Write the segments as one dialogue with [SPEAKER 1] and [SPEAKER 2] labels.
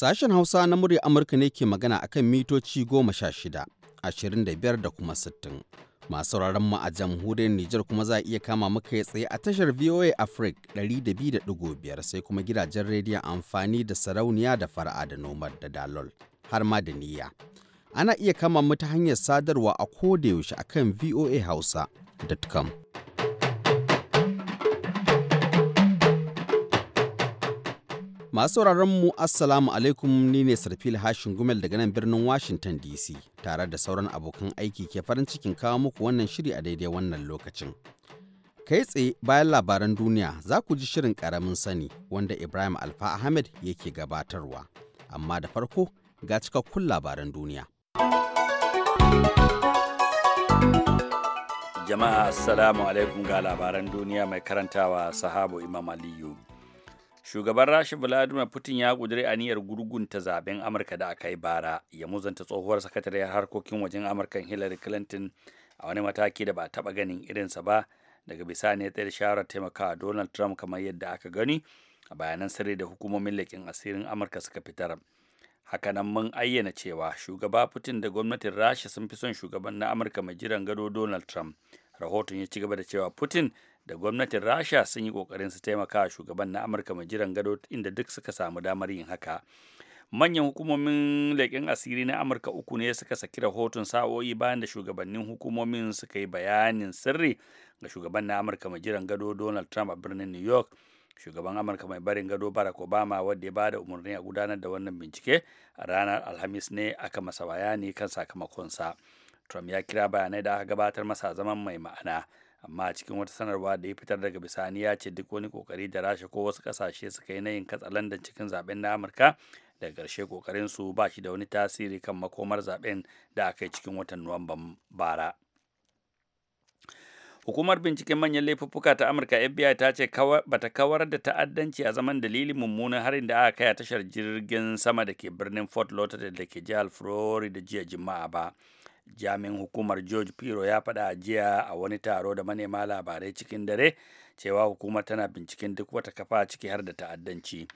[SPEAKER 1] Sashen Hausa na murya Amurka ne ke magana akan mitoci goma sha shida, ashirin da biyar da kuma sittin. Masu sauraron mu a jamhuriyar Nijar kuma za a iya kama muka ya tsaye a tashar VOA Africa 200.5 sai kuma gidajen rediyon amfani da sarauniya da fara'a da nomad da dalol har ma da niyya. Ana iya kama mu ta hanyar sadarwa a kodayaushe akan hausa.com. Masu mu Assalamu alaikum ni ne Sarfil Hashin Gumel daga nan birnin Washington DC tare da sauran abokan aiki ke farin cikin kawo muku wannan shiri a daidai wannan lokacin. Kai tsaye bayan labaran duniya za ku ji shirin karamin sani wanda Ibrahim Alfa Ahmed yake gabatarwa. Amma da farko ga cikakkun labaran duniya.
[SPEAKER 2] Jama'a Assalamu alaikum ga labaran duniya mai karantawa sahabu Imam Aliyu. shugaban rasha vladimir putin ya ƙudiri aniyar gurgunta zaben amurka da aka yi bara ya muzanta tsohuwar sakatariyar harkokin wajen amurkan hillary clinton a wani mataki da ba taɓa ganin irinsa ba daga bisa ne tsaye shawarar taimakawa donald trump kamar yadda aka gani a bayanan sirri da hukumomin leƙin asirin amurka suka fitar hakanan mun ayyana cewa shugaba putin da gwamnatin rasha sun fi son shugaban na amurka mai jiran gado donald trump rahoton ya ci gaba da cewa putin da gwamnatin rasha sun yi kokarin su taimaka shugaban na amurka mai jiran gado inda duk suka samu damar yin haka manyan hukumomin leƙen asiri na amurka uku ne suka saki rahoton sa'o'i bayan da shugabannin hukumomin suka yi bayanin sirri ga shugaban na amurka mai jiran gado donald trump a birnin new york shugaban amurka mai barin gado barack obama wadda ya bada umarni a gudanar da wannan bincike a ranar alhamis ne aka masa bayani kan sakamakonsa trump ya kira bayanai da aka gabatar masa zaman mai ma'ana amma a cikin wata sanarwa da ya fitar daga bisani ya ce duk wani kokari da rasha ko wasu kasashe suka yi na yin katsalandan cikin zaben na amurka daga ƙarshe kokarin su ba shi da wani tasiri kan makomar zaben da aka yi cikin watan nuwamban bara hukumar binciken manyan laifuffuka ta amurka fbi ta ce bata kawar da ta'addanci a zaman dalilin mummunan harin da aka kai a tashar jirgin sama da ke birnin fort lauderdale da ke jihar florida jiya juma'a ba jami'in hukumar george piro ya faɗa a jiya a wani taro da manema labarai cikin dare cewa hukumar tana binciken duk wata kafa ciki har da ta'addanci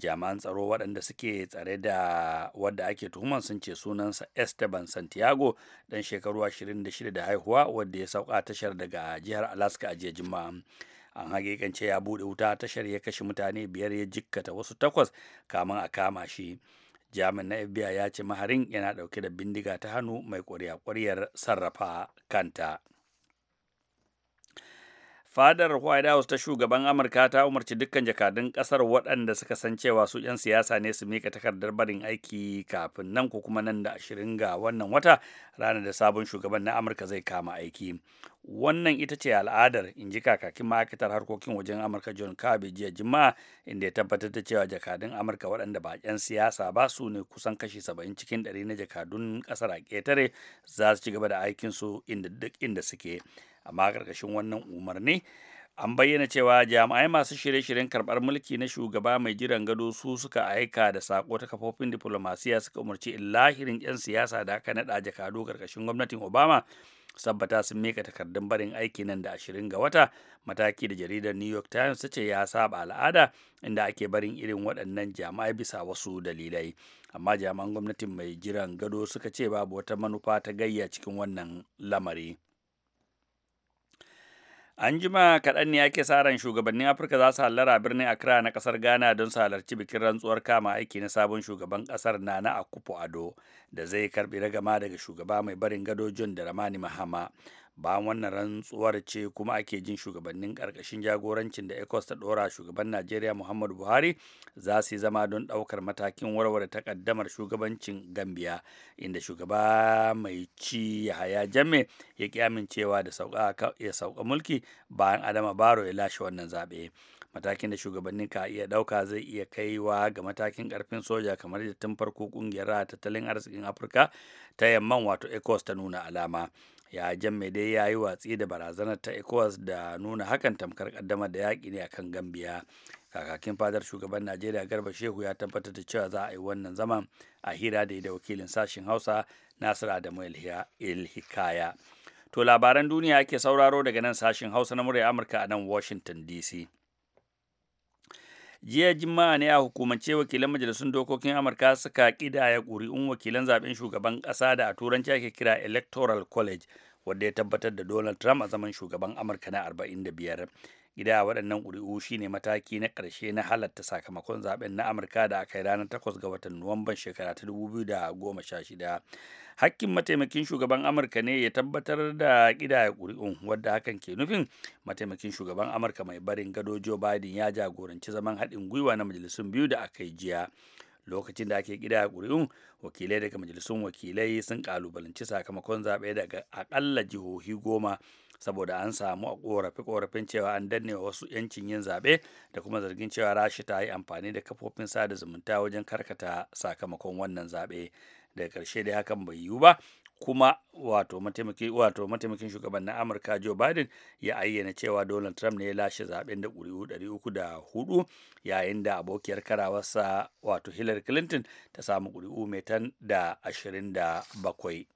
[SPEAKER 2] jami'an tsaro waɗanda suke tsare da wadda ake tuhuman sun ce sunansa esteban santiago ɗan shekaru 26 da haihuwa wadda ya sauka tashar daga jihar alaska a jiya juma'a an hakikance ya buɗe wuta tashar ya kashe mutane biyar ya jikkata wasu takwas kamun a kama shi jami'in na fbi ya ce maharin yana dauke da bindiga ta hannu mai ƙwarya-ƙwaryar sarrafa kanta fadar white house ta shugaban amurka ta umarci dukkan jakadun kasar waɗanda suka san cewa su 'yan siyasa ne su mika takardar barin aiki kafin nan ko kuma nan da ashirin ga wannan wata ranar da sabon shugaban na amurka zai kama aiki wannan ita ce al'adar in ji kakakin ma'aikatar harkokin wajen amurka john kirby jiya juma'a inda ya tabbatar da cewa jakadun amurka waɗanda ba 'yan siyasa ba su ne kusan kashi saba'in cikin ɗari na jakadun ƙasar a ƙetare za su ci gaba da aikinsu inda duk inda suke amma ƙarƙashin wannan umarni an bayyana cewa jami'ai masu shirye-shiryen karɓar mulki na shugaba mai jiran gado su suka aika da sako ta kafofin diplomasiya suka umarci lahirin 'yan siyasa da aka naɗa jakadu ƙarƙashin gwamnatin obama sabbata sun mika takardun barin aiki nan da ashirin ga wata mataki da jaridar new york times ta ce ya saba al'ada inda ake barin irin waɗannan jami'ai bisa wasu dalilai amma jami'an gwamnatin mai jiran gado suka ce babu wata manufa ta gayya cikin wannan lamari An jima kaɗan ne ake sa ran shugabannin Afirka za su hallara birnin Accra na ƙasar Ghana don su halarci bikin rantsuwar kama aiki na sabon shugaban ƙasar Nana Akufo-Addo da zai karɓi ragama daga shugaba mai barin gado John Dramani Mahama. bayan wannan rantsuwar ce kuma ake jin shugabannin karkashin jagorancin da ecos ta dora shugaban najeriya muhammadu buhari za su yi zama don daukar matakin warware takaddamar shugabancin gambia inda shugaba mai ci yahaya jamme ya ki amincewa da ya sauka mulki bayan adama baro ya lashe wannan zaɓe matakin da shugabannin ka iya ɗauka zai iya kaiwa ga matakin karfin soja kamar da tun farko ƙungiyar tattalin arzikin afirka ta yamman wato ecos ta nuna alama ya jamme dai ya yi watsi da barazanar ta ecowas da nuna hakan tamkar kaddamar da yaƙi ne akan gambiya kakakin fadar shugaban najeriya garba shehu ya tabbatar da cewa za a yi wannan zaman a hira da da wakilin sashen hausa nasir adamu ilhikaya to labaran duniya ake sauraro daga nan sashen hausa na murya amurka a nan washington dc jiya juma'a ne a hukumance wakilan majalisun dokokin amurka suka kidaya ƙuri'un wakilan zaben shugaban ƙasa da a turanci ake kira electoral college wadda ya tabbatar da donald trump a zaman shugaban amurka na 45 gida waɗannan ƙuri'u shine mataki na ƙarshe na halatta sakamakon zaben na amurka da aka yi ranar 8 ga watan nuwamban shekara ta sha shida hakkin mataimakin shugaban amurka ne ya tabbatar da ƙidaya ƙuri'un wadda hakan ke nufin mataimakin shugaban amurka mai barin gado joe biden ya jagoranci zaman haɗin gwiwa na majalisun biyu da aka yi jiya lokacin da ake gida ƙuri'un wakilai daga majalisun wakilai sun ƙalubalanci sakamakon zaɓe daga aƙalla jihohi goma saboda an samu a korafi korafin cewa an danne wasu yancin yin zaɓe da kuma zargin cewa rashi ta yi amfani da kafofin sada zumunta wajen karkata sakamakon wannan zaɓe daga karshe dai hakan bai yiwu ba kuma wato mataimakin shugaban na amurka joe biden ya ayyana cewa donald trump ne ya lashe zaben da ƙuri'u 304 yayin da abokiyar karawarsa wato hillary clinton ta samu ƙuri'u metan da 27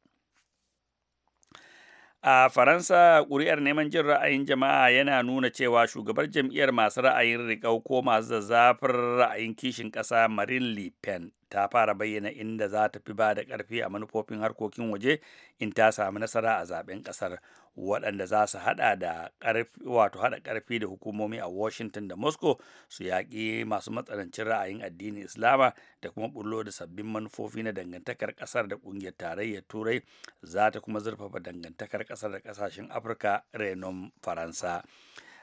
[SPEAKER 2] A Faransa, ƙuri'ar neman jin ra'ayin jama'a yana nuna cewa shugabar jam'iyyar masu ra'ayin riƙau ko masu zazzafar ra'ayin kishin ƙasa Marine Le Pen ta fara bayyana inda za ta fi ba da ƙarfi a manufofin harkokin waje in ta samu nasara a zaben ƙasar. waɗanda za su haɗa da ƙarfi wato haɗa ƙarfi da hukumomi a Washington da Moscow su yaƙi masu matsanancin ra'ayin addinin Islama da kuma bullo da sabbin manufofi na dangantakar ƙasar da ƙungiyar tarayyar Turai za ta kuma zurfafa dangantakar ƙasar da ƙasashen Afirka renon Faransa.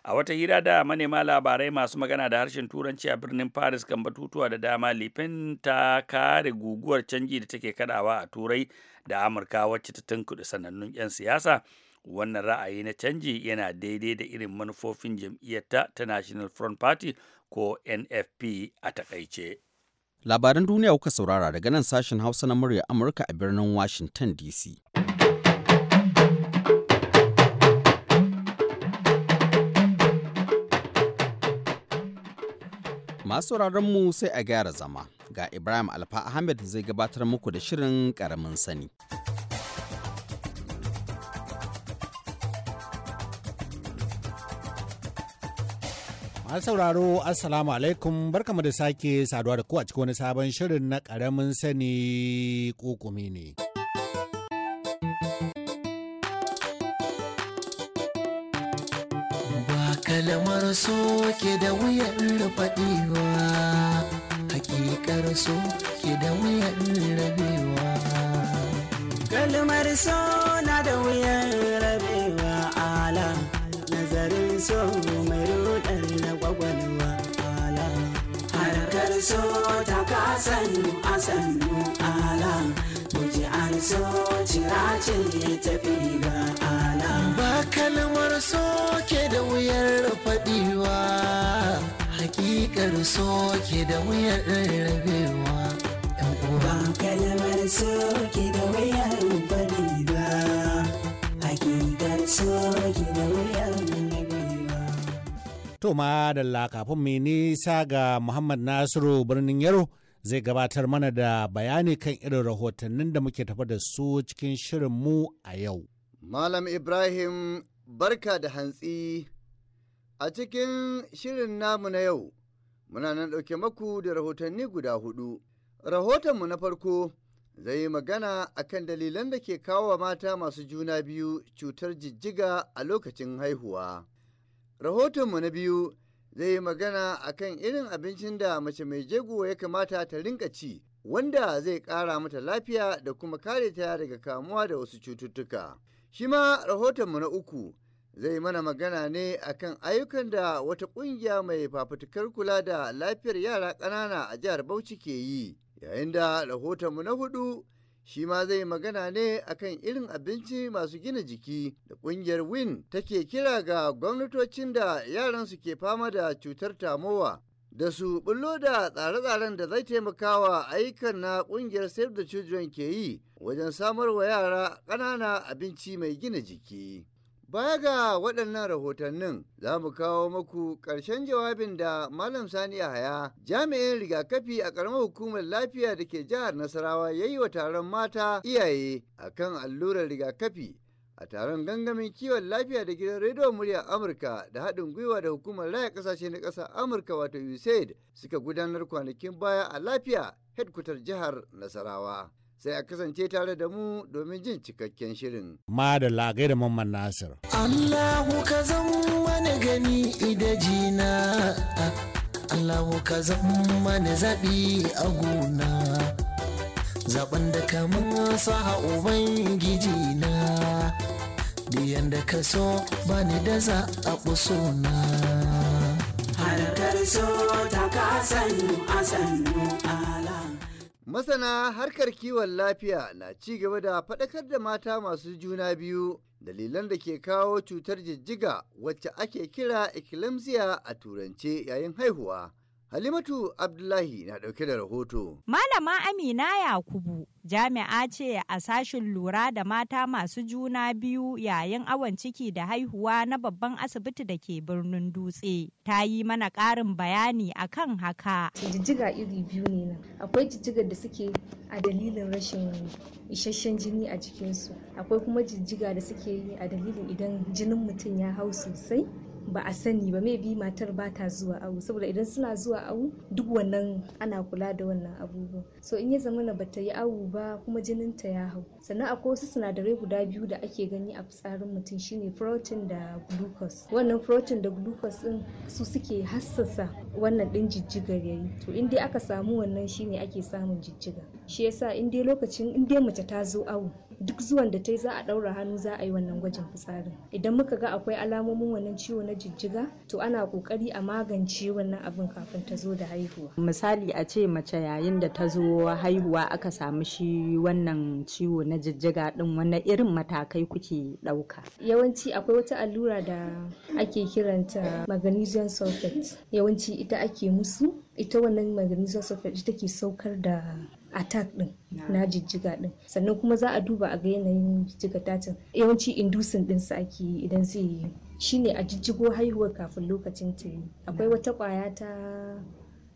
[SPEAKER 2] a wata hira da manema labarai masu magana da harshen turanci a birnin paris kan batutuwa da dama lifin ta kare guguwar canji da take kadawa a turai da amurka wacce ta tunkuɗe sanannun 'yan siyasa wannan ra'ayi na canji yana daidai da irin manufofin jam'iyyarta ta national front party ko nfp a takaice
[SPEAKER 1] labaran duniya kuka saurara daga nan sashen hausa na murya amurka a birnin washington dc masu mu sai a gyara zama ga ibrahim alfa ahmed zai gabatar muku da shirin karamin
[SPEAKER 3] sani a sauraro Assalamu alaikum barkamu da sake saduwa da ku a cikin wani sabon shirin na ƙaramin sani kokumi ne.
[SPEAKER 4] Ba kalamar so ke da wuyar faɗiwa, hakikar so ke da wuyar rabewa.
[SPEAKER 5] Kalmar so na da wuyar rabewa ala nazarin so mai ruɗa. arso ta sannu a sannu ala muji arso cirace ya tafi ga ala ba kalmar so ke da wuyar faɗiwa hakikar so ke da wuyar rabewa ba kalmar so ke da wuyar faɗiwa
[SPEAKER 3] ma da mu mai nisa ga Muhammad Nasiru birnin Yaro zai gabatar mana da bayani kan irin rahotannin da muke tafa da su cikin shirin mu a yau.
[SPEAKER 6] Malam Ibrahim barka da hantsi a cikin shirin namu na yau muna nan ɗauke maku da rahotanni guda hudu. Rahotonmu na farko zai yi magana a kan dalilan da ke kawo wa mata masu juna biyu cutar jijjiga a lokacin haihuwa. Rahotonmu na biyu zai yi magana a kan irin abincin da mace mai jego ya kamata ta rinka ci, wanda zai kara mata lafiya da kuma kare ta daga kamuwa da wasu cututtuka. Shi ma rahotonmu na uku zai mana magana ne akan ayyukan da wata ƙungiya mai fafutukar kula da lafiyar yara ƙanana a jihar Bauchi ke yi, yayin da rahotonmu na hudu shi ma zai magana ne akan irin abinci masu gina jiki da kungiyar win take kira ga gwamnatocin da yaransu ke fama da cutar tamowa da su bullo da tsare-tsaren da zai taimakawa ayyukan na kungiyar save the children ke yi wajen samar wa yara ƙanana abinci mai gina jiki Baya ga waɗannan rahotannin za mu kawo maku ƙarshen jawabin da Malam Sani Yahaya jami'in rigakafi a ƙaramar hukumar lafiya da ke jihar Nasarawa ya yi wa taron mata iyaye a kan allurar rigakafi a taron gangamin kiwon lafiya da gidan rediyo murya amurka da haɗin gwiwa da hukumar Raya ƙasashe na ƙasa amurka wato usaid suka gudanar kwanakin baya a lafiya hedkutar jihar nasarawa sai a kasance tare da mu domin jin cikakken shirin.
[SPEAKER 3] Ma da Mamman Nasir.
[SPEAKER 6] Allahu
[SPEAKER 4] ka mana gani idajina, Allahu ka mana zaɓi a gona. Zaɓen da ka sa a Ubangiji na, biyan da ka so bani da za a na. Harkar so ta kasannu a
[SPEAKER 6] sannu Masana harkar kiwon lafiya na ci gaba da faɗakar da mata masu juna biyu dalilan da ke kawo cutar jijjiga wacce ake kira eclampsia a turance yayin haihuwa. Halimatu Abdullahi na ɗauke da rahoto.
[SPEAKER 7] Malama Amina Yakubu jami'a ce a sashin lura da mata masu juna biyu yayin awon ciki da haihuwa na babban asibiti da ke birnin dutse. Ta yi mana ƙarin bayani a kan haka. Jijjiga iri biyu ne nan. Akwai jijjigar da suke a dalilin rashin isasshen jini a jikinsu. Akwai kuma jijjiga da suke yi a dalilin idan jinin mutum ya hau sosai ba a sani ba mai bi matar ba ta zuwa awu saboda idan suna zuwa awu duk wannan ana kula da wannan abubuwan so in ya zama na bata yi awu ba kuma jinin ta ya hau sannan akwai wasu sinadarai guda biyu da ake gani a fitsarin mutum shine protein da glucose wannan protein da glucose din su suke hassasa wannan din jijjigar yayi to in dai aka samu wannan shine ake samun jijjiga shi yasa in dai lokacin in dai mace ta zo awu duk zuwan da ta yi za a ɗaura hannu za a yi wannan gwajin fitsarin idan muka ga akwai alamomin wannan ciwo na jijjiga to ana kokari a magance wannan abin kafin ta zo da haihuwa misali a ce mace yayin da ta zo haihuwa aka samu shi wannan ciwo na jijjiga din wani irin matakai kuke ɗauka yawanci akwai wata allura da ake kiranta magnesium sulfate yawanci ita ake musu ita wannan magnesium sulfate ita ke saukar da attack din na jijjiga din sannan kuma za a duba a ga yanayin jijjiga tatin yawanci inducing din sa ake idan zai yi shine a jijjigo haihuwar kafin lokacin ta yi akwai wata kwaya ta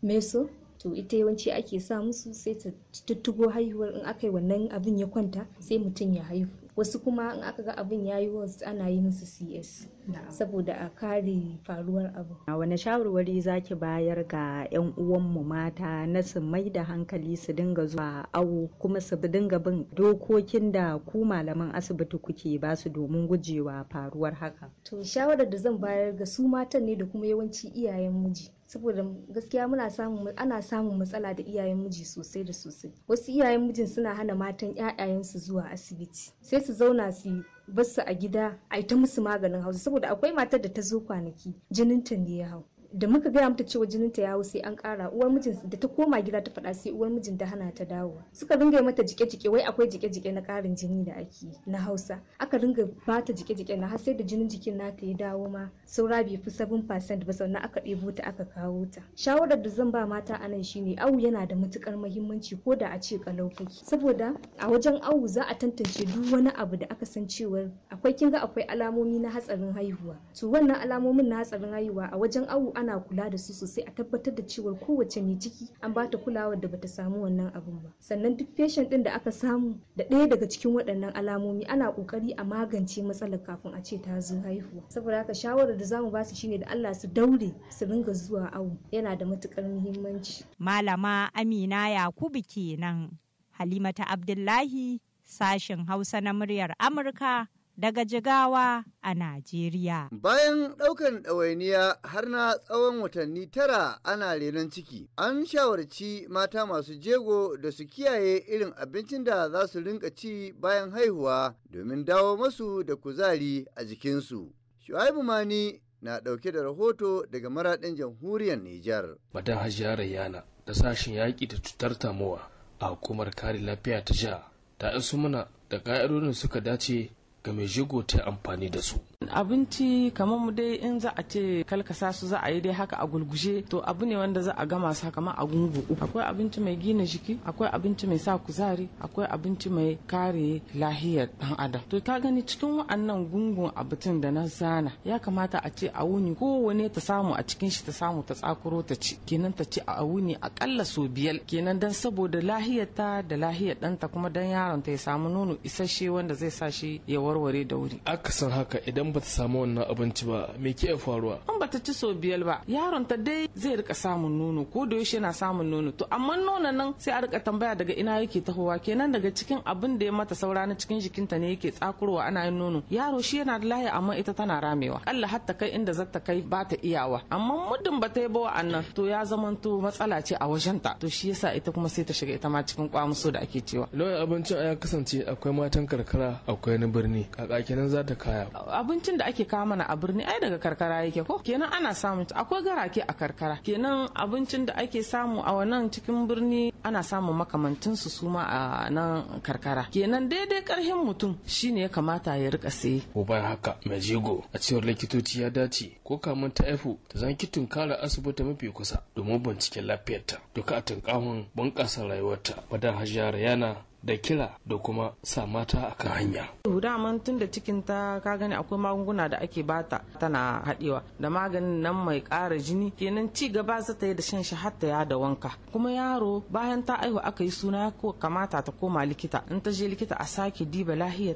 [SPEAKER 7] meso to ita yawanci ake sa musu sai ta tuttugo haihuwar in aka yi wannan abin ya kwanta sai mutum ya haihu wasu kuma in aka ga abin ya yi wasu ana yi musu cs saboda a kare faruwar abu a wani shawarwari zaki bayar ga 'yan uwanmu mata na su mai da hankali su dinga zuwa awo kuma su dinga bin dokokin da ku malaman asibiti kuke ba su domin gujewa faruwar haka to shawarar da zan bayar ga su matan ne da kuma yawanci iyayen miji saboda gaskiya muna samun ana samun matsala da iyayen miji sosai da sosai wasu iyayen mijin suna hana matan su zuwa asibiti sai su zauna su basu a gida a ita musu maganin hausa saboda akwai matar da ta zo kwanaki jinin ta ne ya hau da muka gaya mata cewa jininta ya hau sai an kara uwar mijin da ta koma gida ta faɗa sai uwar mijin ta hana ta dawo suka ringa mata jike-jike wai akwai jike-jike na karin jini da ake na hausa aka ringa bata jike-jike na har sai da jinin jikin nata ya dawo ma saura bai fi 7% ba sannan aka ɗebo ta aka kawo ta shawarar da zan ba mata a nan shine awu yana da matukar muhimmanci ko da a ce kalau saboda a wajen awu za a tantance duk wani abu da aka san cewa akwai kinga akwai alamomi na hatsarin haihuwa to wannan alamomin na hatsarin haihuwa a wajen awu ana kula da su sosai a tabbatar da cewar kowace mai ciki an ba ta kulawar da bata samu wannan abun ba sannan duk patient din da aka samu da ɗaya daga cikin waɗannan alamomi ana ƙoƙari a magance matsalar kafin a ce ta zo haihuwa saboda haka shawarar da zamu ba su shine da Allah su daure su ringa zuwa awo yana da matukar muhimmanci malama Amina Yakubu kenan Halimata Abdullahi sashin Hausa na muryar Amurka daga Jigawa a Najeriya.
[SPEAKER 6] Bayan ɗaukan ɗawainiya har na tsawon watanni tara ana renon ciki, an shawarci mata masu jego da su kiyaye irin abincin da za su rinka ci bayan haihuwa domin dawo masu da kuzari a jikinsu. Shu'aibu Mani na ɗauke da rahoto daga maraɗin jamhuriyar Nijar.
[SPEAKER 8] Madan Hajiya Rayyana da sashen yaƙi da cutar tamowa a hukumar kare lafiya ta jiha ta iso mana da ƙa'idodin suka dace ga mai jego ta amfani da su.
[SPEAKER 9] Abinci kamar mu dai in za a ce kalkasa su za a yi dai haka a gulgushe to abu ne wanda za a gama sa kamar a gungu. Akwai abinci mai gina jiki, akwai abinci mai sa kuzari, akwai abinci mai kare lahiyar dan adam. To ka gani cikin wa'annan gungun abincin da na zana ya kamata a ce a wuni kowane ta samu a cikin shi ta samu ta tsakuro ta ci kenan ta ci a wuni akalla so biyar kenan dan saboda lahiyar ta da lahiyar ɗanta kuma dan yaron ta ya samu nono isasshe wanda zai sa shi ya warware da wuri akasin haka idan bata samu wannan abinci
[SPEAKER 8] ba me ke faruwa
[SPEAKER 9] in bata ci sau biyar ba yaron ta dai zai rika samun nono ko da yaushe yana samun nono to amma nonon nan sai a rika tambaya daga ina yake tahowa kenan daga cikin abin da ya mata saura na cikin jikinta ne yake tsakurwa ana yin nono yaro shi yana da layi amma ita tana ramewa Allah hatta kai inda za ta kai ba ta iyawa amma muddin bata yi ba wa'annan to ya zamanto matsala ce a wajen ta, to shi yasa ita kuma sai ta shiga ita ma cikin kwamuso da ake cewa nau'in abincin ya kasance
[SPEAKER 8] akwai matan karkara akwai na birni birni kaka kenan za ta kaya
[SPEAKER 9] abincin da ake kawo mana a birni ai daga karkara yake ko kenan ana samun akwai garake a karkara kenan abincin da ake samu a wannan cikin birni ana samun makamantin su suma a nan karkara kenan daidai karhin mutum shine ya kamata ya rika saye
[SPEAKER 8] ko bayan haka majigo a cewar likitoci ya dace ko kamun ta efu ta zan kitin kara asibiti mafi kusa domin binciken lafiyarta duka a tunkahun bunƙasa rayuwarta madan Hajara yana da kira da kuma
[SPEAKER 9] sa mata akan hanya. Daman tun da cikin ta ka gani akwai magunguna da ake bata tana haɗewa da maganin nan mai ƙara jini kenan ci gaba za ta yi da shan shi hatta ya da wanka. Kuma yaro bayan ta aihu aka yi suna ko kamata ta koma likita in ta je likita a sake diba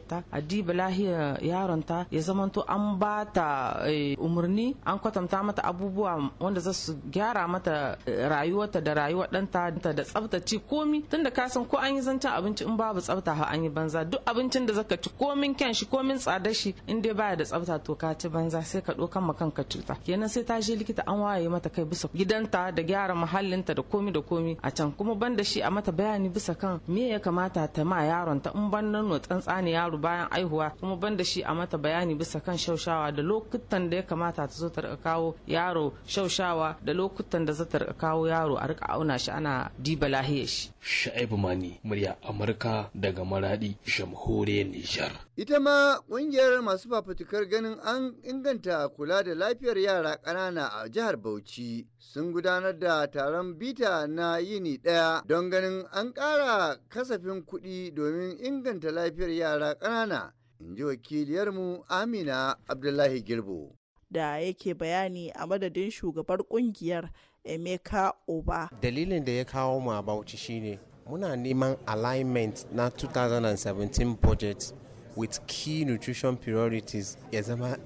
[SPEAKER 9] ta a diba lahiyar yaron ta ya zamanto an bata eh, umarni an kwatanta mata abubuwa wanda za su gyara mata eh, rayuwarta da rayuwar ɗanta da tsaftace komi tunda ka san ko an yi zancen abinci abinci in babu tsafta ha an yi banza duk abincin da zaka ci komin kyan shi komin tsada shi in dai baya da tsafta to ka ci banza sai ka ɗaukan ma kanka cuta kenan sai ta je likita an waye mata kai bisa gidanta da gyara muhallinta da komi da komi a can kuma ban da shi a mata bayani bisa kan me ya kamata ta ma yaron ta in ban nan tsantsa ne yaro bayan aihuwa kuma ban shi a mata bayani bisa kan shaushawa da lokutan da ya kamata ta zo ta rika kawo yaro shaushawa da lokutan da za ta rika kawo yaro a rika auna shi ana diba lahiyar shi
[SPEAKER 8] sha'ibu mani murya Afirka daga Maradi, Jamhuriyar Nijar.
[SPEAKER 6] Ita ma ƙungiyar masu fafutukar ganin an inganta kula da lafiyar yara ƙanana a jihar Bauchi sun gudanar da taron bita na yini ɗaya don ganin an ƙara kasafin kuɗi domin inganta lafiyar yara ƙanana. In ji wakiliyarmu Amina Abdullahi Girbo.
[SPEAKER 5] da yake bayani a madadin shugabar ƙungiyar emeka oba
[SPEAKER 10] dalilin da ya kawo ma bauchi shine muna neman alignment na 2017 budget with key nutrition priorities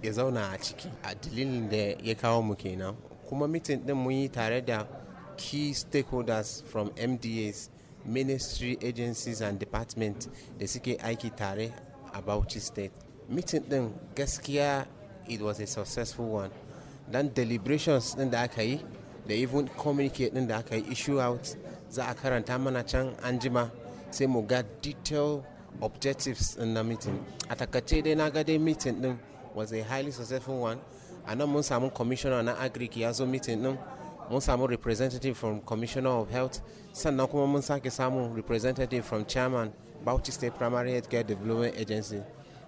[SPEAKER 10] ya zauna a ciki a dalilin da ya kawo mu kenan kuma mitin din mun yi tare da key stakeholders from mdas ministry agencies and department da suke aiki tare a bauchi state mitin din gaskiya it was a successful one dan deliberations din da aka yi da even communicate din da aka yi issue out za a karanta mana can an jima sai mu ga detail objectives in na meeting a takace dai na ga dai meeting din was a highly successful one a nan mun samu commissioner na agric ya zo meeting din mun samu representative from commissioner of health sannan kuma mun sake samu representative from chairman bauchi state primary care development agency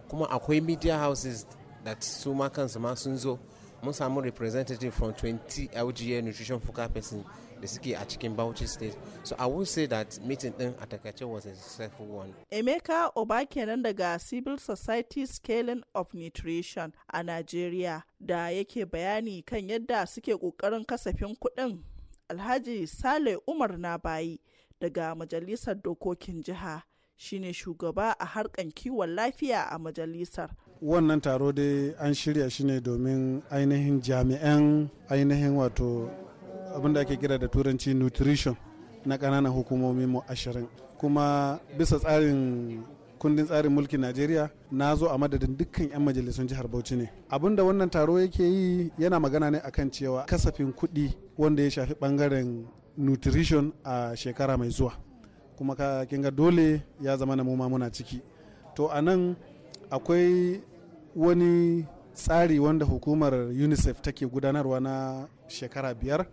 [SPEAKER 10] kuma akwai media houses that su ma kansu ma sun zo mun samu representative from 20 lga nutrition focal person da suke a cikin bauchi state so i would say that meeting din a takaice was a successful one
[SPEAKER 5] emeka oba kenan daga civil society scaling of nutrition a nigeria da yake bayani kan yadda suke kokarin kasafin kudin alhaji sale umar na bayi daga majalisar dokokin jiha shine shugaba a harkan kiwon lafiya a majalisar
[SPEAKER 11] wannan taro dai an shirya shi ne domin ainihin jami'an ainihin wato abinda ake kira da turanci nutrition na ƙananan hukumomi mu ashirin kuma bisa tsarin kundin tsarin mulkin najeriya na zo a madadin dukkan 'yan majalisun jihar bauchi ne abinda wannan taro yake yi yana magana ne akan cewa kasafin kuɗi wanda ya shafi bangaren. nutrition a shekara mai zuwa kuma ka kinga dole ya zama na muma muna ciki to a nan akwai wani tsari wanda hukumar unicef take gudanarwa na shekara biyar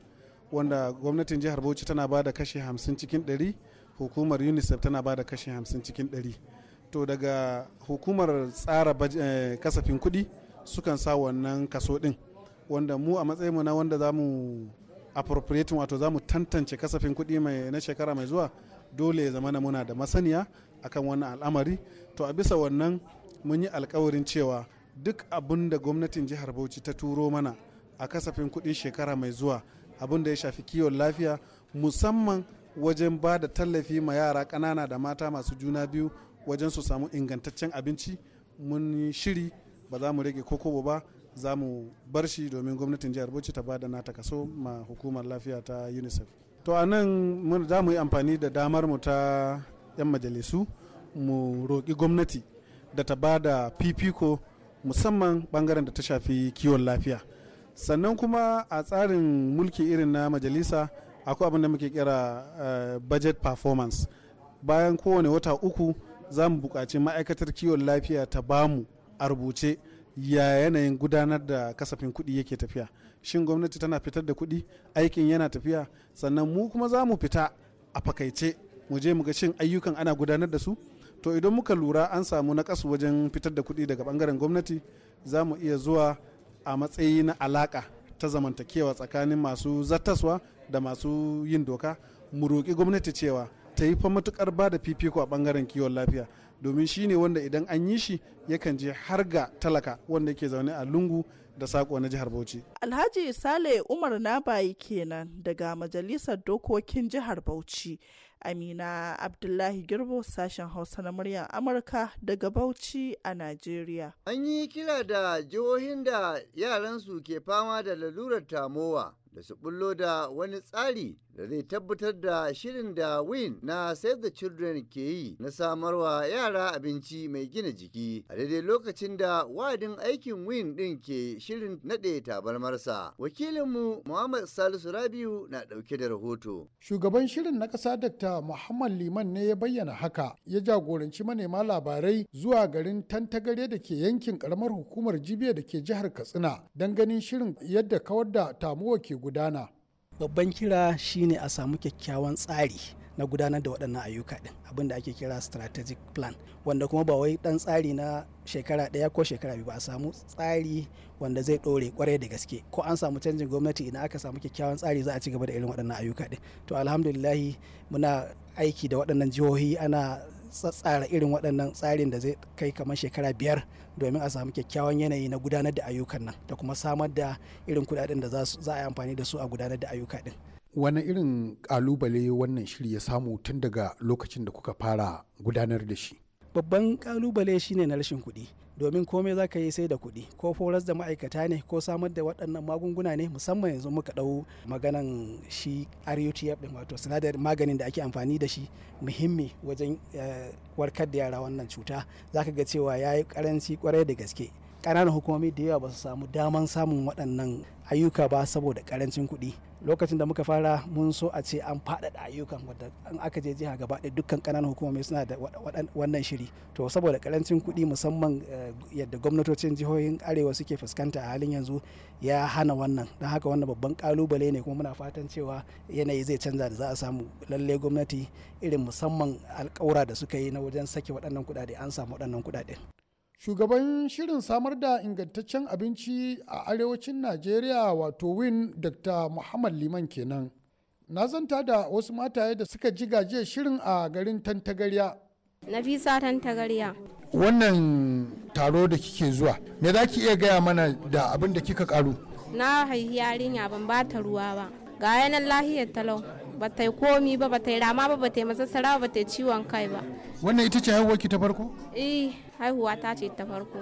[SPEAKER 11] wanda gwamnatin jihar bauchi tana ba da kashe 50 cikin 100 hukumar unicef tana ba da kashe 50 cikin 100 to daga hukumar tsara eh, kasafin kuɗi sukan sa wannan kaso ɗin wanda mu a matsayinmu na wanda za mu appropriating wato za mu tantance kasafin kuɗi mai na shekara mai zuwa dole ya zama muna da masaniya akan wannan al'amari to a bisa wannan mun yi alkawarin cewa duk abin da gwamnatin jihar bauchi ta turo mana a kasafin kuɗin shekara mai zuwa abin da ya shafi kiwon lafiya musamman wajen ba da tallafi ma yara ƙanana da mata masu juna biyu wajen su samu ingantaccen abinci mun shiri ba za mu rage kokobo ba za mu bar shi domin gwamnatin jihar bauchi ta ba da nata kaso ma hukumar lafiya ta unicef to a nan za mu yi amfani da damar mu ta 'yan majalisu mu roƙi gwamnati da ta ba da fifiko musamman bangaren da ta shafi kiwon lafiya sannan kuma a tsarin mulki irin na majalisa akwai abin da muke kira eh, budget performance bayan kowane wata uku za mu buƙaci ma'aikatar kiwon lafiya ta bamu a rubuce ya yanayin gudanar da kasafin kuɗi yake tafiya shin gwamnati tana fitar da kuɗi aikin yana tafiya sannan mu kuma za mu fita a fakaice mu je mu ga shin ayyukan ana gudanar da su to idan muka lura an samu na kasu wajen fitar da kuɗi daga bangaren gwamnati za mu iya zuwa a matsayi na alaƙa ta zamantakewa tsakanin masu zattaswa da masu yin doka mu roƙi gwamnati cewa ta yi fa matukar ba da fifiko a bangaren kiwon lafiya domin shi ne wanda idan an yi shi yakan je har ga talaka wanda yake zaune a lungu da sako na jihar Bauchi.
[SPEAKER 5] Alhaji Sale Umar Nabayi kenan daga Majalisar Dokokin Jihar Bauchi. Amina Abdullahi Girbo sashen Hausa na muryar Amurka
[SPEAKER 6] daga Bauchi a Najeriya. An yi kira da jihohin da yaransu ke fama da lalurar tamowa da su bullo da wani tsari da zai tabbatar da shirin da Win na Save the Children ke yi na samarwa yara abinci mai gina jiki a daidai lokacin da wadin aikin Win din ke shirin nade tabarmarsa. Wakilinmu Muhammad Salisu Rabiu na ɗauke da rahoto.
[SPEAKER 12] Shugaban shirin na ƙasa Dr. Muhammad Liman ne ya bayyana haka ya jagoranci manema labarai zuwa garin Tantagare da ke yankin karamar hukumar Jibiya da ke jihar Katsina don ganin shirin yadda kawar da tamuwa ke gudana. babban kira shine a samu
[SPEAKER 5] kyakkyawan tsari na gudanar da waɗannan ayyuka ɗin abin da ake kira strategic plan wanda kuma ba wai ɗan tsari na shekara ɗaya ko shekara biyu ba a samu tsari wanda zai ɗore kwarai da gaske ko an samu canjin gwamnati idan aka samu kyakkyawan tsari za a ci gaba da irin waɗannan ayyuka ɗin to alhamdulillahi muna aiki da waɗannan jihohi ana tsatsara irin waɗannan tsarin da zai kai kamar shekara biyar domin a samu kyakkyawan yanayi na gudanar da ayyukan nan da kuma samar da irin kudaden da za a yi amfani da su a gudanar da ayyuka din.
[SPEAKER 12] wani irin kalubale wannan shiri ya samu tun daga lokacin da kuka fara gudanar da shi babban
[SPEAKER 5] kalubale shine na rashin kuɗi domin komai za ka yi sai da kuɗi ko foras da ma'aikata ne ko samar da waɗannan magunguna ne musamman yanzu muka ɗau maganan shi rutf ɗin wato sinadarin maganin da ake amfani da shi muhimmi wajen eh, warkar da yara wannan cuta za ka ga cewa ya yi ƙaranci ƙwarai da gaske ƙananan hukumomi da yawa ba su samu daman samun waɗannan ayyuka ba saboda ƙarancin kuɗi lokacin da muka fara mun so a ce an faɗaɗa ayyukan wadda an aka je jiha gaba ɗaya dukkan ƙananan hukumomi suna da wannan shiri to saboda karancin kuɗi musamman eh, yadda gwamnatocin jihohin arewa suke fuskanta a halin yanzu ya hana wannan don haka wannan babban kalubale ne kuma muna fatan cewa yanayi zai canza da za a samu lalle gwamnati irin musamman alƙawura da suka yi na wajen sake waɗannan kuɗaɗe an samu
[SPEAKER 12] waɗannan kuɗaɗe shugaban shirin samar da ingantaccen abinci a arewacin najeriya wato win dr muhammad liman kenan na zanta da wasu mataye da suka ji gaje shirin a garin tantagarya
[SPEAKER 7] nafisa tantagarya
[SPEAKER 12] wannan taro da kike zuwa me za ki iya gaya mana da abin da kika karu
[SPEAKER 7] na haihi yarinya ban ba ta ruwa ba ga yanar lahiyar talau ba ta yi komi ba ba ta yi rama ba ba ta yi masassara ba ta yi ciwon kai ba
[SPEAKER 12] wannan ita ce haihuwar ki ta farko
[SPEAKER 7] eh haihuwa ta ce ta farko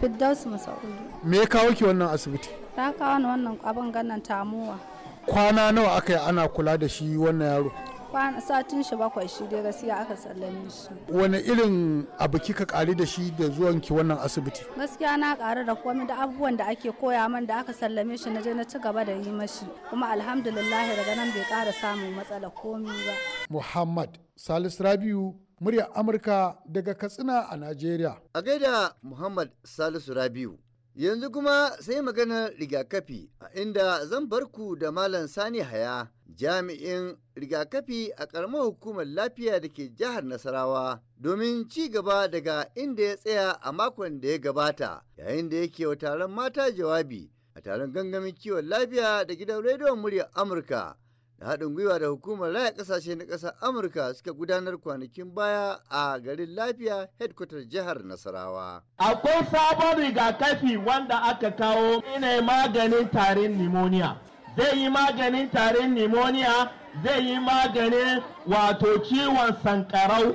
[SPEAKER 7] fiddausu Masauri.
[SPEAKER 12] me ya kawo ki wannan asibiti
[SPEAKER 7] ta kawo ni wannan abin ganin tamuwa
[SPEAKER 12] kwana nawa aka yi ana kula da shi wannan yaro
[SPEAKER 7] kwana satin shi bakwai shi dai gaskiya aka sallame shi
[SPEAKER 12] wani irin abu kika kari da shi da zuwan ki wannan asibiti
[SPEAKER 7] gaskiya na karu da komai da abubuwan da ake koya min da aka sallame shi na je na ci gaba da yi mashi kuma alhamdulillah daga nan bai kara samun matsala komai ba
[SPEAKER 12] muhammad Salisu rabiu muryar Amurka daga Katsina a
[SPEAKER 6] Najeriya. A gaida Muhammad Salisu Rabiu. Yanzu kuma sai maganar rigakafi a inda zan barku da Malam Sani Haya jami'in rigakafi a ƙaramar hukumar lafiya da ke jihar Nasarawa domin ci gaba daga inda ya tsaya a makon da ya gabata yayin da yake wa taron mata jawabi a taron gangamin kiwon lafiya da gidan rediyon muryar Amurka da haɗin gwiwa da hukumar raya ƙasashe na ƙasar amurka suka gudanar kwanakin baya a garin lafiya headquarter jihar nasarawa
[SPEAKER 4] akwai sabon rigakafi wanda aka kawo ne maganin tarin pneumonia zai yi maganin tarin pneumonia zai yi maganin wato ciwon sankarau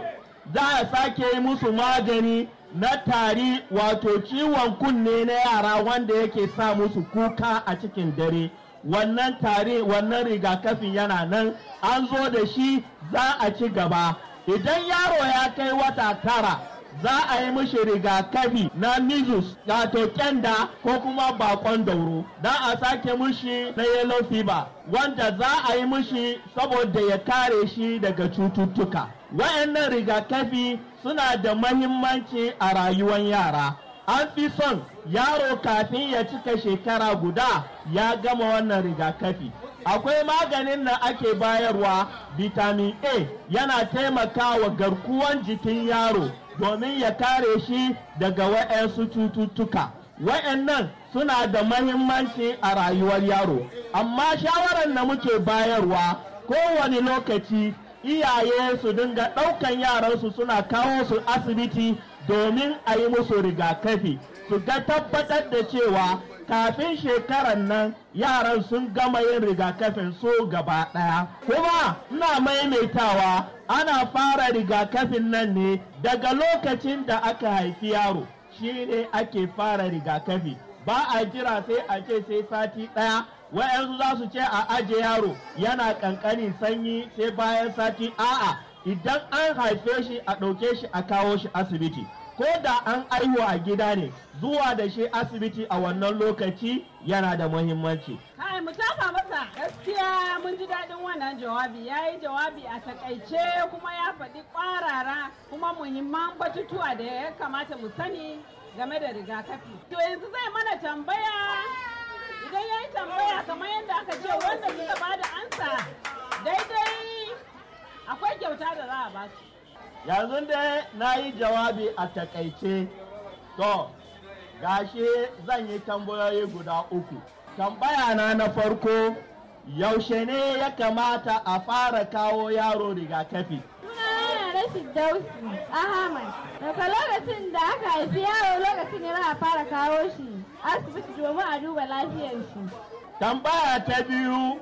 [SPEAKER 4] za a sake yi musu magani na tari wato ciwon kunne na yara wanda yake sa musu kuka a cikin dare wannan tare wannan rigakafin yana nan an zo da shi za a ci gaba idan yaro ya kai wata tara za a yi mishi rigakafi na measles wato ƙyanda, ko kuma bakon dauro don a sake mishi na yellow fever wanda za a yi mishi saboda ya kare shi daga cututtuka wa'annan rigakafi suna da mahimmanci a rayuwar yara an fi son yaro kafin ya cika shekara guda ya gama wannan rigakafi akwai maganin da ake bayarwa vitamin a yana taimakawa garkuwan jikin yaro domin ya kare shi daga waɗansu cututtuka waɗannan suna da mahimmanci a rayuwar yaro amma shawarar da muke bayarwa kowane lokaci iyaye su dinga ɗaukan yaransu suna kawo su asibiti domin a yi musu rigakafi su ga tabbatar da cewa kafin shekarar nan yaran sun gama yin rigakafin so gaba ɗaya kuma ina maimaitawa ana fara rigakafin nan ne daga lokacin da aka haifi yaro shi ne ake fara rigakafi ba a jira sai a ce sai sati ɗaya wayansu za su ce a aje yaro yana ƙanƙani sanyi sai bayan sati a'a idan an haife shi a ɗauke shi a kawo shi asibiti ko da an aihu a gida ne zuwa da shi asibiti a wannan lokaci yana da muhimmanci.
[SPEAKER 9] Hai mu tafa masa gaskiya mun ji daɗin wannan jawabi ya yi jawabi a takaice kuma ya faɗi ƙwarara kuma muhimman batutuwa da ya kamata mu sani game da rigakafi. To yanzu zai mana tambaya idan ya yi tambaya kamar yadda aka ce wanda suka ba da ansa daidai akwai kyauta da za a ba su
[SPEAKER 4] yanzu dai na yi jawabi a takaice to gashi zan yi tambayoyi guda uku tambaya na na farko yaushe ne ya kamata a fara kawo yaro rigakafi
[SPEAKER 7] daga lokacin da aka haifi yaro lokacin ne za a fara kawo shi asibiti domin a duba lafiyar shi.
[SPEAKER 4] Tambaya ta biyu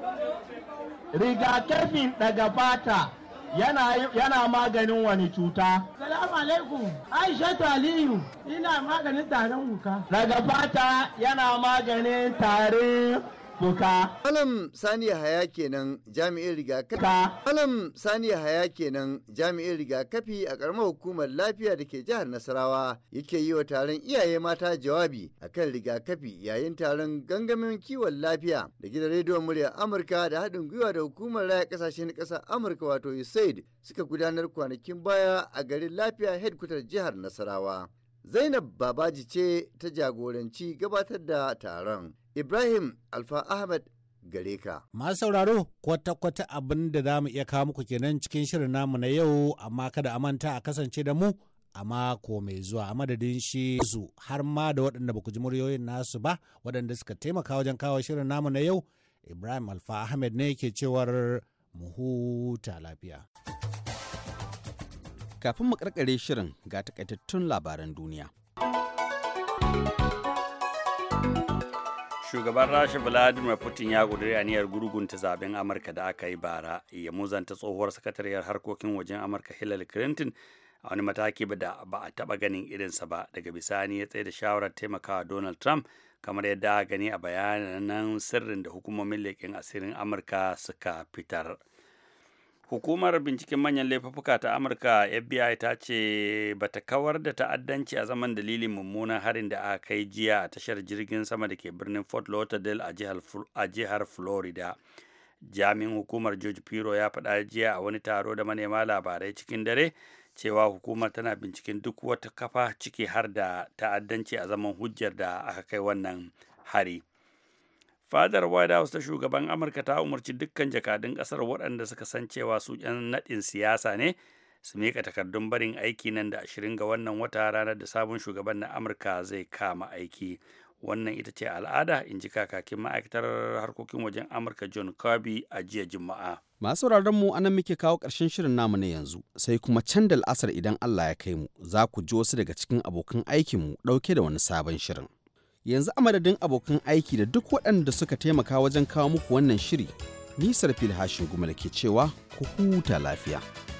[SPEAKER 4] rigakafin daga fata yana maganin wani cuta. Salamu alaikum, Aisha Aliyu, ina maganin tarin wuka.
[SPEAKER 6] Daga fata yana maganin tarin Muka. Malam Sani Haya kenan jami'in rigakafi. Malam Sani Haya kenan jami'in rigakafi a karamar hukumar lafiya da ke jihar Nasarawa yake yi wa taron iyaye mata jawabi akan rigakafi yayin taron gangamin kiwon lafiya da gidan rediyon Murya Amurka da haɗin gwiwa da hukumar raya ƙasashen ƙasar Amurka wato USAID suka gudanar kwanakin baya a garin lafiya hedkwatar jihar Nasarawa. Zainab Babaji ce ta jagoranci gabatar da taron. Ibrahim Alfa Ahmad gare ka.
[SPEAKER 3] Masu sauraro kwata-kwata abin da za mu iya kawo muku kenan cikin shirin namu na yau amma kada a manta a kasance da mu a mako mai zuwa a madadin shi su har ma da waɗanda baku ji muryoyin nasu ba waɗanda suka taimaka wajen kawo shirin namu na yau Ibrahim Alfa Ahmed ne ke cewar mu huta lafiya. Kafin mu karkare shirin ga takaitattun
[SPEAKER 1] labaran duniya.
[SPEAKER 2] shugaban rasha vladimir putin ya ƙuduri aniyar gurgunta zaben amurka da aka yi bara ya muzanta tsohuwar sakatariyar harkokin wajen amurka hillary clinton a wani mataki da ba a taɓa ganin irinsa ba daga bisani ya tsaye da shawarar taimakawa donald trump kamar yadda gani a bayanan sirrin da hukumomin leƙen asirin amurka suka fitar. hukumar binciken manyan laifuka ta amurka fbi ta ce ba ta kawar da ta'addanci a zaman dalilin mummunan harin da aka kai jiya a tashar jirgin sama da ke birnin fort lauderdale a jihar florida jami'in hukumar george piro ya faɗa jiya a wani taro da manema labarai cikin dare cewa hukumar tana binciken duk wata kafa ciki har da ta'addanci a zaman hujjar da aka kai wannan hari. fadar white house ta shugaban amurka ta umarci dukkan jakadun kasar waɗanda suka san cewa su yan naɗin siyasa ne su miƙa takardun barin aiki nan da ashirin ga wannan wata ranar da sabon shugaban na amurka zai kama aiki wannan ita ce al'ada in ji kakakin ma'aikatar harkokin wajen amurka john kirby a jiya juma'a
[SPEAKER 1] masu mu anan muke kawo ƙarshen shirin namu na yanzu sai kuma can da al'asar idan allah ya kai mu za ku ji wasu daga cikin abokan aikinmu ɗauke da wani sabon shirin yanzu a madadin abokan aiki da duk waɗanda suka taimaka wajen kawo muku wannan shiri nisar filhashin gumala ke cewa ku huta lafiya.